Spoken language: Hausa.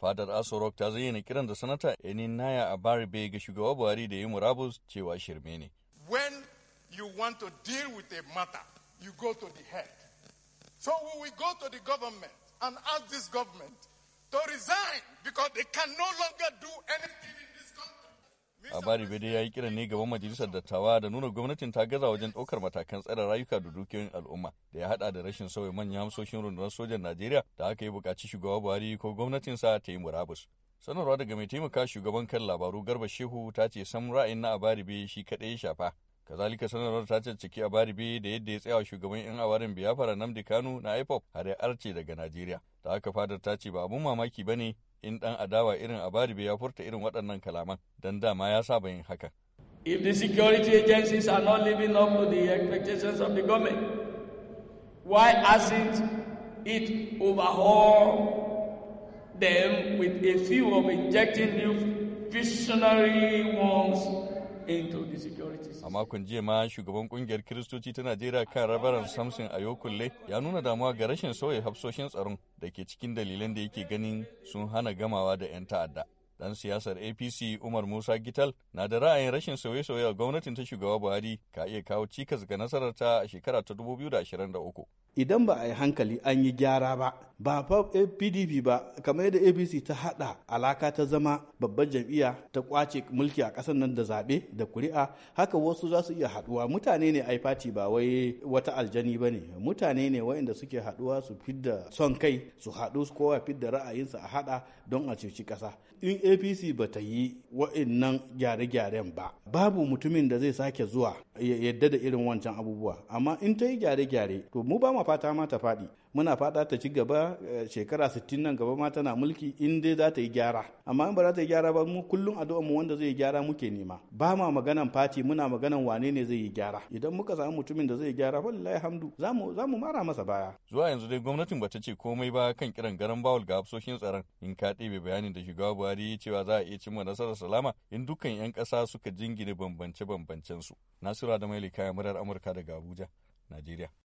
Fadar Asorok ta zayyana kiran da sanata ga shugaba Buhari da murabus cewa shirme ne. When you want to deal with a matter, you go to the head. So we will go to the government and ask this government to resign because they can no longer do anything bai dai ya yi kiran ne gaban majalisar dattawa da nuna gwamnatin ta gaza wajen ɗaukar matakan tsare rayuka da dukiyoyin al'umma da ya hada da rashin sauya manyan hamsoshin rundunar sojan Najeriya da aka yi bukaci shugaba Buhari ko gwamnatin gwamnatinsa ta yi murabus. Sanarwa daga mai taimaka shugaban kan labaru Garba Shehu ta ce sam ra'ayin na bai shi kaɗai ya shafa kazalika sanarwar ta ciki abari bai da yadda ya tsaya shugaban yan awarin biyafara namdi kano na ipop har ya arce daga najeriya da aka fadar ta ce ba abun mamaki ba ne in adawa irin Abaribe ya furta irin waɗannan kalaman don dama ya saba yin haka. If the security agencies are not living up to the expectations of the government, why hasn't it overhaul them with a few of injecting new visionary ones A makon jiya ma shugaban kungiyar Kiristoci ta Najeriya kan rabaran Samson Ayokulle ya nuna damuwa ga rashin sauya hafsoshin tsaron da ke cikin dalilan da yake ganin sun hana gamawa da 'yan ta'adda. Dan siyasar APC Umar Musa Gital na da ra'ayin rashin sauye-sauye a gwamnatin ta shugaba Buhari ka iya kawo cikas ga nasararta a shekara ta 2023. Idan ba a yi hankali an yi gyara ba, ba fa pdp ba kamar yadda abc ta hada alaka ta zama babbar jam'iyya ta kwace mulki a kasar nan da zaɓe da kuri'a haka wasu za su iya haduwa mutane ne ai fati ba wai wata aljani ba ne mutane ne waɗanda suke haduwa su fidda son kai su haɗu kowa fidda ra'ayinsa a hada don a ceci ƙasa in apc ba ta yi waɗannan gyare-gyaren ba babu mutumin da zai sake zuwa ya yadda da irin wancan abubuwa amma in ta yi gyare-gyare to mu ba mu fata ma ta faɗi muna fada ta ci gaba eh, shekara 60 nan gaba ma tana mulki in dai za ta yi gyara amma in ba za ta yi gyara ba mu kullum addu'a mu wanda zai yi gyara muke nema ba ma maganan fati muna maganan wane ne zai yi gyara idan muka samu mutumin da zai yi gyara wallahi hamdu zamu zamu mara masa baya zuwa yanzu dai gwamnatin bata ce komai ba kan kiran garan bawul ga hafsoshin tsaron in ka ɗebe bayanin da shugaba Buhari ya cewa za a iya cimma nasarar salama in dukkan 'yan kasa suka jingine bambance-bambancen su Nasiru Adamaili kayan murar Amurka daga Abuja Najeriya